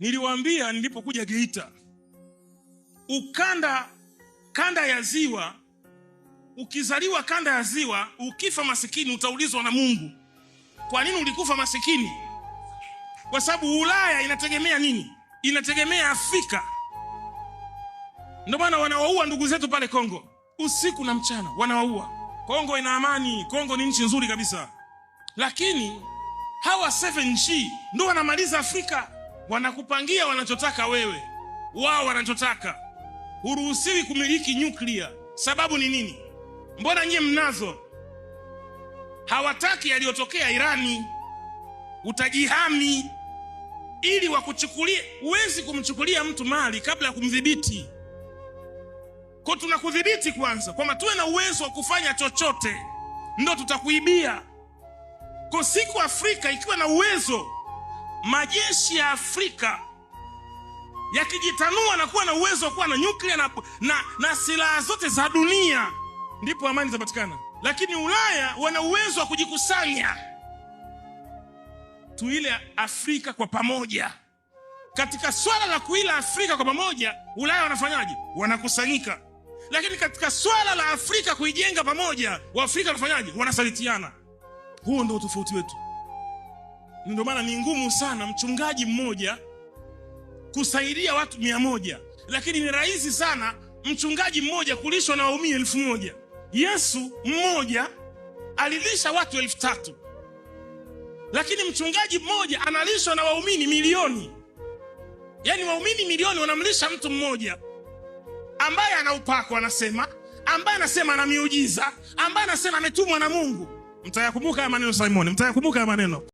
Niliwaambia nilipokuja Geita, ukanda kanda ya ziwa, ukizaliwa kanda ya ziwa, ukifa masikini utaulizwa na Mungu, kwa nini ulikufa masikini? Kwa sababu Ulaya inategemea nini? Inategemea Afrika. Ndio maana wanawaua ndugu zetu pale Kongo usiku na mchana, wanawaua. Kongo ina amani, Kongo ni nchi nzuri kabisa, lakini hawa 7G ndio wanamaliza Afrika. Wanakupangia wanachotaka wewe, wao wanachotaka. Huruhusiwi kumiliki nyuklia. Sababu ni nini? Mbona nyie mnazo? Hawataki yaliyotokea Irani. Utajihami ili wakuchukulie. Huwezi kumchukulia mtu mali kabla ya kumdhibiti. Kwa tunakudhibiti kwanza, kwamba tuwe na uwezo wa kufanya chochote, ndo tutakuibia. Kwa siku Afrika ikiwa na uwezo majeshi ya Afrika yakijitanua na kuwa na uwezo wa kuwa na nyuklia na, na, na silaha zote za dunia, ndipo amani zinapatikana. Lakini Ulaya wana uwezo wa kujikusanya, tuile Afrika kwa pamoja. Katika swala la kuila Afrika kwa pamoja, Ulaya wanafanyaje? Wanakusanyika. Lakini katika swala la Afrika kuijenga pamoja, Waafrika wanafanyaje? Wanasalitiana. Huo ndio tofauti wetu. Ndio maana ni ngumu sana mchungaji mmoja kusaidia watu mia moja, lakini ni rahisi sana mchungaji mmoja kulishwa na waumini elfu moja. Yesu mmoja alilisha watu elfu tatu lakini mchungaji mmoja analishwa na waumini milioni. Yaani waumini milioni wanamlisha mtu mmoja ambaye ana upako, anasema ambaye anasema ana miujiza, ambaye anasema ametumwa na Mungu. Mtayakumbuka haya maneno Simoni, mtayakumbuka haya maneno.